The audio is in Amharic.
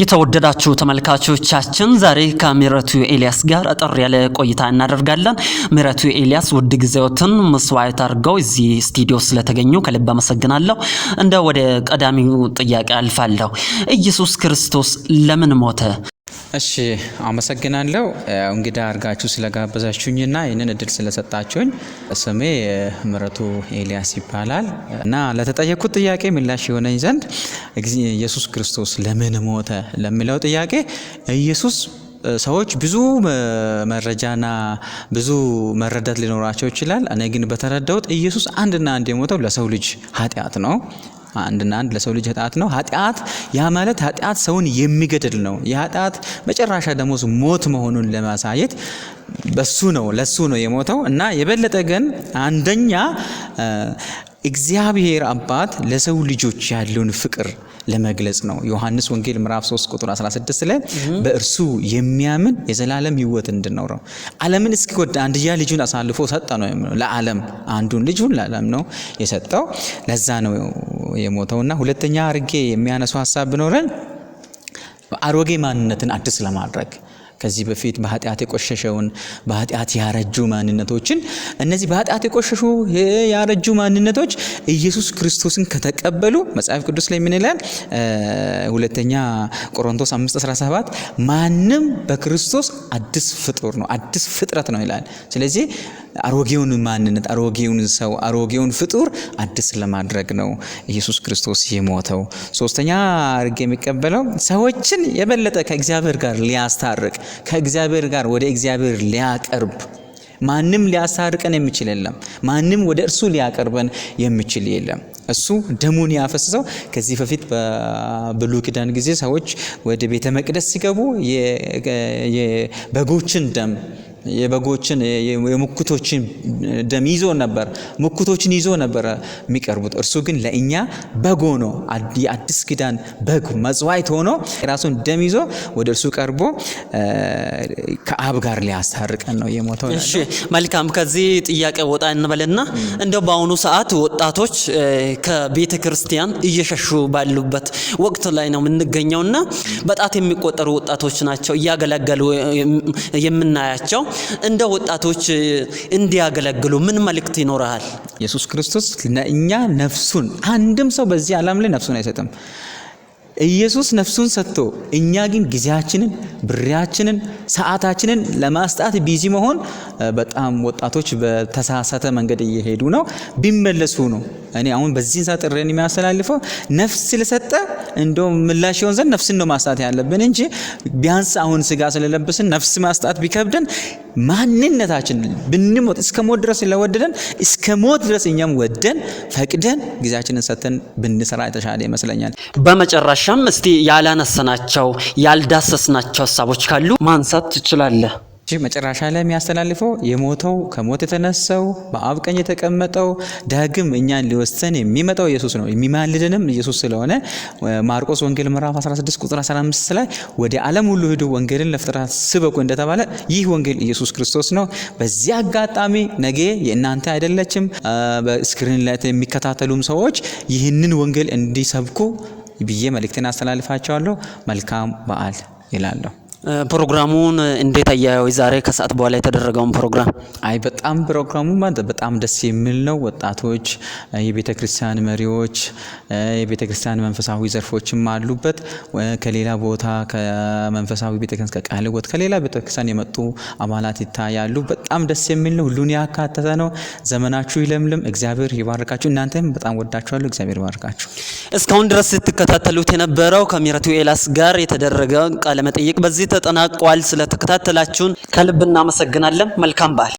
የተወደዳችሁ ተመልካቾቻችን ዛሬ ከምህረቱ ኤልያስ ጋር አጠር ያለ ቆይታ እናደርጋለን። ምህረቱ ኤልያስ ውድ ጊዜዎትን መስዋዕት አድርገው እዚህ ስቱዲዮ ስለተገኙ ከልብ አመሰግናለሁ። እንደ ወደ ቀዳሚው ጥያቄ አልፋለሁ። ኢየሱስ ክርስቶስ ለምን ሞተ? እሺ አመሰግናለሁ እንግዳ አድርጋችሁ ስለጋበዛችሁኝና ይህንን እድል ስለሰጣችሁኝ። ስሜ ምረቱ ኤልያስ ይባላል እና ለተጠየቁት ጥያቄ ምላሽ የሆነኝ ዘንድ ኢየሱስ ክርስቶስ ለምን ሞተ ለሚለው ጥያቄ ኢየሱስ ሰዎች ብዙ መረጃና ብዙ መረዳት ሊኖራቸው ይችላል። እኔ ግን በተረዳሁት ኢየሱስ አንድና አንድ የሞተው ለሰው ልጅ ኃጢአት ነው። አንድና አንድ ለሰው ልጅ ኃጢአት ነው። ኃጢአት ያ ማለት ኃጢአት ሰውን የሚገድል ነው። የኃጢአት መጨረሻ ደሞዝ ሞት መሆኑን ለማሳየት በሱ ነው ለሱ ነው የሞተው እና የበለጠ ግን አንደኛ እግዚአብሔር አባት ለሰው ልጆች ያለውን ፍቅር ለመግለጽ ነው። ዮሐንስ ወንጌል ምዕራፍ 3 ቁጥር 16 ላይ በእርሱ የሚያምን የዘላለም ሕይወት እንድኖረው ዓለምን እስኪወድ አንድያ ልጁን አሳልፎ ሰጠ ነው። ለዓለም አንዱን ልጁን ለዓለም ነው የሰጠው። ለዛ ነው የሞተው እና ሁለተኛ አርጌ የሚያነሱ ሀሳብ ቢኖረን አሮጌ ማንነትን አዲስ ለማድረግ ከዚህ በፊት በኃጢአት የቆሸሸውን በኃጢአት ያረጁ ማንነቶችን እነዚህ በኃጢአት የቆሸሹ ያረጁ ማንነቶች ኢየሱስ ክርስቶስን ከተቀበሉ መጽሐፍ ቅዱስ ላይ ምን ይላል? ሁለተኛ ቆሮንቶስ 5:17 ማንም በክርስቶስ አዲስ ፍጡር ነው አዲስ ፍጥረት ነው ይላል። ስለዚህ አሮጌውን ማንነት፣ አሮጌውን ሰው፣ አሮጌውን ፍጡር አዲስ ለማድረግ ነው ኢየሱስ ክርስቶስ የሞተው። ሶስተኛ አድርጌ የሚቀበለው ሰዎችን የበለጠ ከእግዚአብሔር ጋር ሊያስታርቅ ከእግዚአብሔር ጋር ወደ እግዚአብሔር ሊያቀርብ ማንም ሊያስታርቀን የሚችል የለም። ማንም ወደ እርሱ ሊያቀርበን የሚችል የለም። እሱ ደሙን ያፈሰሰው። ከዚህ በፊት በብሉይ ኪዳን ጊዜ ሰዎች ወደ ቤተ መቅደስ ሲገቡ የበጎችን ደም የበጎችን የሙክቶችን ደም ይዞ ነበር፣ ሙክቶችን ይዞ ነበር የሚቀርቡት። እርሱ ግን ለእኛ በግ ሆኖ የአዲስ ኪዳን በግ መጽዋይት ሆኖ የራሱን ደም ይዞ ወደ እርሱ ቀርቦ ከአብ ጋር ሊያስታርቀን ነው የሞተው። እሺ መልካም። ከዚህ ጥያቄ ወጣ እንበልና እንደው በአሁኑ ሰዓት ወጣቶች ከቤተ ክርስቲያን እየሸሹ ባሉበት ወቅት ላይ ነው የምንገኘውና በጣት የሚቆጠሩ ወጣቶች ናቸው እያገለገሉ የምናያቸው እንደ ወጣቶች እንዲያገለግሉ ምን መልእክት ይኖረሃል? ኢየሱስ ክርስቶስ ለእኛ ነፍሱን አንድም ሰው በዚህ ዓለም ላይ ነፍሱን አይሰጥም። ኢየሱስ ነፍሱን ሰጥቶ እኛ ግን ጊዜያችንን፣ ብሬያችንን፣ ሰዓታችንን ለማስጣት ቢዚ መሆን በጣም ወጣቶች በተሳሳተ መንገድ እየሄዱ ነው። ቢመለሱ ነው እኔ አሁን በዚህን ሰዓት ጥሬን የሚያስተላልፈው ነፍስ ስለሰጠ እንደ ምላሽ የሆን ዘንድ ነፍስን ነው ማስጣት ያለብን እንጂ ቢያንስ አሁን ስጋ ስለለብስን ነፍስ ማስጣት ቢከብደን ማንነታችን ብንሞት እስከ ሞት ድረስ ለወደደን እስከ ሞት ድረስ እኛም ወደን ፈቅደን ጊዜያችንን ሰጥተን ብንሰራ የተሻለ ይመስለኛል። በመጨረሻም እስቲ ያላነሰናቸው ያልዳሰስናቸው ሀሳቦች ካሉ ማንሳት ትችላለህ? እጅግ መጨረሻ ላይ የሚያስተላልፈው የሞተው ከሞት የተነሳው በአብ ቀኝ የተቀመጠው ዳግም እኛን ሊወሰን የሚመጣው ኢየሱስ ነው። የሚማልድንም ኢየሱስ ስለሆነ ማርቆስ ወንጌል ምዕራፍ 16 ቁጥር 15 ላይ ወደ ዓለም ሁሉ ሂዱ ወንጌልን ለፍጥረት ስበኩ እንደተባለ ይህ ወንጌል ኢየሱስ ክርስቶስ ነው። በዚህ አጋጣሚ ነገ የእናንተ አይደለችም። በስክሪን ላይ የሚከታተሉም ሰዎች ይህንን ወንጌል እንዲሰብኩ ብዬ መልእክትን አስተላልፋቸዋለሁ። መልካም በዓል ይላለሁ። ፕሮግራሙን እንዴት አያየው? ዛሬ ከሰዓት በኋላ የተደረገውን ፕሮግራም? አይ በጣም ፕሮግራሙ በጣም ደስ የሚል ነው። ወጣቶች፣ የቤተ ክርስቲያን መሪዎች፣ የቤተ ክርስቲያን መንፈሳዊ ዘርፎችም አሉበት። ከሌላ ቦታ ከመንፈሳዊ ቤተ ክርስቲያን ከቃለ ሕይወት ከሌላ ቤተ ክርስቲያን የመጡ አባላት ይታያሉ። በጣም ደስ የሚል ነው። ሁሉን ያካተተ ነው። ዘመናችሁ ይለምልም። እግዚአብሔር ይባርካችሁ። እናንተም በጣም ወዳችኋለሁ። እግዚአብሔር ይባርካችሁ። እስካሁን ድረስ ስትከታተሉት የነበረው ከምሕረቱ ኤላስ ጋር የተደረገውን ቃለ መጠይቅ በዚህ ተጠናቋል። ስለተከታተላችሁን ከልብ እናመሰግናለን። መልካም በዓል